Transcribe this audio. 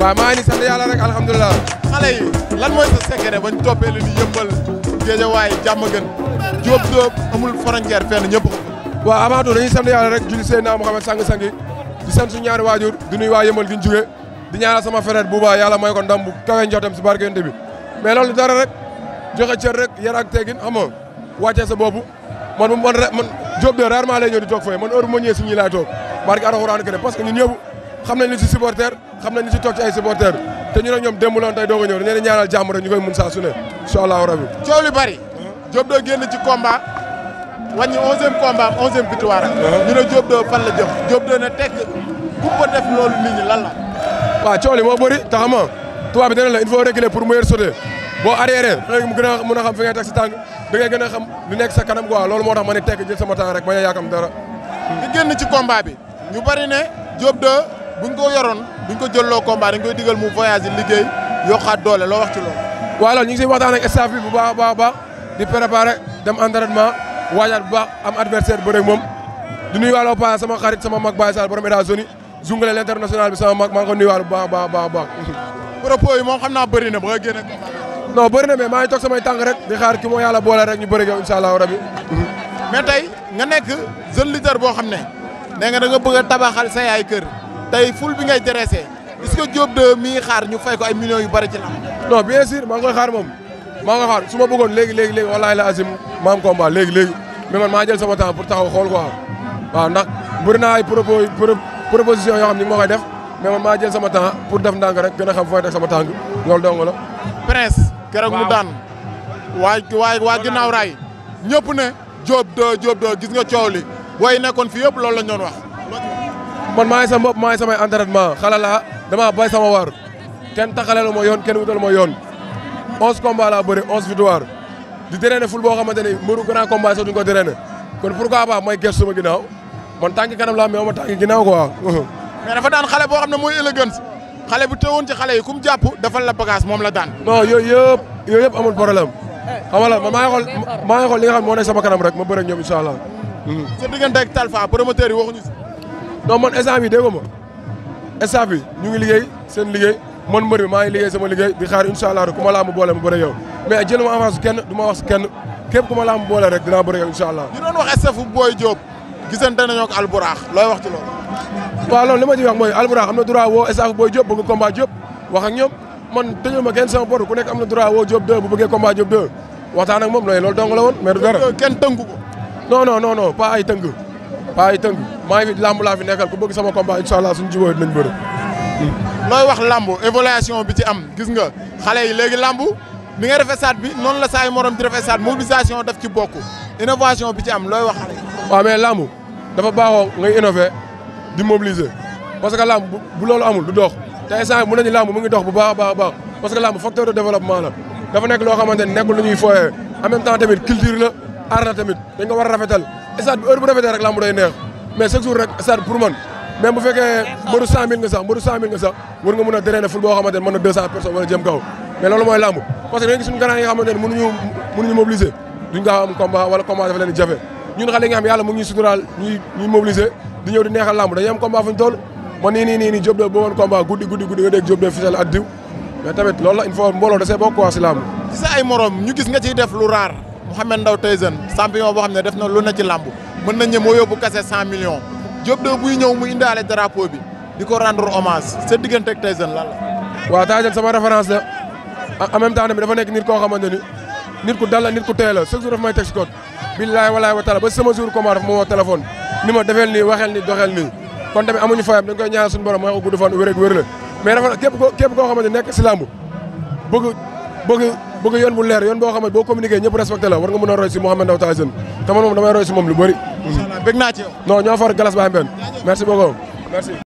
waaw maa ngi ni sant yàlla rek alhamdulilah. xale yi lan mooy sa secret bañ toppee lu di yëmbal géejawaay jàmm gën. Diop Diop amul frontière fenn ñëpp ko waaw avant tout dañuy sant yàlla rek julli Seydina Mouhamed sang sangi di sant suñu ñaari waajur di waa yëmal gi ñu di ñaanal sama frère Bouba yàlla mooy ko ndam bu kawe njottam si barke bi mais loolu dara rek joxe cër rek yar ak teggin xam nga wàccee sa bopp man man man Diop Diop rarement lay ñëw di toog fooy man heure bu ma ñëwee si ñii laay toog barke parce que ñun ñëpp xam nañ ñu a ñëw dañu ñu koy mun Diop doo génn ci combat wàññi onzième combat am onzième victoire uh-huh. ñu ne Diop doo fan la jëm Diop doo ne tekk ku def loolu nit ñi lan la. waaw coow li moo bëri te xam nga tubaab bi dana la il faut reculer pour mieux sauter boo arrière xëy mu gën a mën a xam fi ngay teg sa tànk bi ngay gën xam lu nekk kanam quoi loolu moo tax ma ne tekk jël sama temps rek bañ a yaakam dara. di génn ci combat bi ñu bari ne Diop doo buñ ko yoroon buñ ko jëlloo combat dañ koy digal mu voyage liggéey yokkaat doole loo a di préparer dem entraînement waajaat bu baax am adversaire bu rek moom di nuyuwaale ba pare sama xarit sama mag Baye Sall borom États-Unis zungale l'international bi sama mag maa ngi ko nuyuwaale bu baax baax baax baax. propos yi moom xam naa bëri na ba nga génne. non bëri na maa ngi toog samay tànk rek di xaar ki moo yàlla boole rek ñu bëri yow incha allahu rabi. mais tey nga nekk jeune leader boo xam ne nee nga da nga bëgg a tabaxal sa yaay kër tey ful bi ngay dressé est ce que Diop de mi xaar ñu fay ko ay millions yu bëri ci lam non bien moom ma nga xaar su ma bëggoon léegi léegi léegi wallaahi la ma maam combat léegi léegi mais man maa jël sama temps pour taxaw xool quoi waaw ndax bëri naa ay propos proposition yoo xam ni moo koy def mais man maa jël sama temps pour def ndànk rek gën a xam fooy teg sama tànk loolu dong la. Prince keroog mu daan waa waa waa ginnaaw raay ñëpp ne Diop de Diop de gis nga coow li waaye nekkoon fii yëpp loolu la ñu wax. man maa ngi sama bopp maa ngi samay entraînement xala laa damaa bay sama war kenn taxalelu ma yoon kenn wutalu ma yoon. onze combats laa bëri onze victoire di drainer ful boo xamante ni mbëru grand combat sax ko drainer kon pourquoi pas may gerte sama ginnaaw man tànk kanam laa mais ma tànk ginnaaw quoi. mais dafa daan xale boo xam ne mooy élégance xale bu teewoon ci xale yi ku mu la bagage moom la daan. non yooyu yëpp yooyu yëpp amul problème xam nga la man maa ngi xool maa ngi xool li nga xam ne moo nekk sama kanam rek ma bëre ak ñoom incha allah. Hmm. sa diggante ak Talfa promoteur yi waxuñu si. non man instant bi dégg ma instant bi ñu ngi liggéey seen liggéey man mbër mi maa ngi liggéey sama liggéey di xaar incha allah rek ku ma laamu boole ma bëre yow mais jël ma avance kenn du ma wax kenn képp ku ma laamu boole rek dinaa bëre yow incha allah ñu doon wax Boy Diop gisante nañoo ak Alburaax looy wax ci loolu waaw li ma ci wax mooy Alburaax am na droit woo stafu Boy Diop bëgg combat Diop wax ak man tëjul ma kenn sama bor ku nekk am na droit woo Diop 2 bu bëggee combat Diop 2 waxtaan ak moom looy loolu dong la woon mais du kenn ko non non non non pas ay tëng pas ay tëng maa ngi fi làmb laa sama combat incha allah suñu jubóo dinañ bëre looy wax làmb évaluation bi ci am gis nga xale yi léegi làmb mi nga defee bi noonu la saa yu morom di defee def ci bokk innovation bi ci am looy wax xale yi. waaw mais làmb dafa baaxoo ngay innover di mobiliser parce que làmb bu loolu amul du dox te instant mën nañu làmb mu ngi dox bu baax a baax baax parce que làmb facteur de développement dafa nekk loo xamante ne nekkul lu ñuy fooyee en même temps tamit culture la aar la tamit dañ war a rafetal stade bi heure bu rafetee même bu fekkee mbëru 100000 nga sax mbëru 100000 nga war a drainer ful ne mën na 200 personnes wala jëm kaw mais loolu mooy làmb parce que da nga gis suñu grand yi nga xamante ne mënuñu mënuñu mobiliser am combat wala combat dafa leen jafe ñun xale yi nga xam mu ngi suturaal ñuy ñuy mobiliser ñëw di neexal làmb dañuy am combat fuñ toll man nii nii de booboon combat guddi guddi guddi nga dégg Diop de fisal ak diw tamit loolu la il faut mbooloo dasee bokk quoi sa ay morom ñu gis boo xam ne def na lu ne ci làmb mën nañ ne moo yóbbu kase Diop de buy ñëw mu indaale drapeau bi di ko rendre hommage sa diggante ak Tyson lan la. sama référence la en même temps tamit dafa nekk nit koo xamante nit ku dal nit ku teel la chaque jour dafa may teg si code. billaay ba sama jour combat dafa ma woo téléphone ni ma defeel nii waxeel nii doxeel nii kon tamit amuñu fayam dañ koy ñaanal suñu borom may ko fan wér ak wér la képp koo képp nekk si làmb bëgg bëgg macha allah bëgg naa ci galas baay mbeen merci beaucoup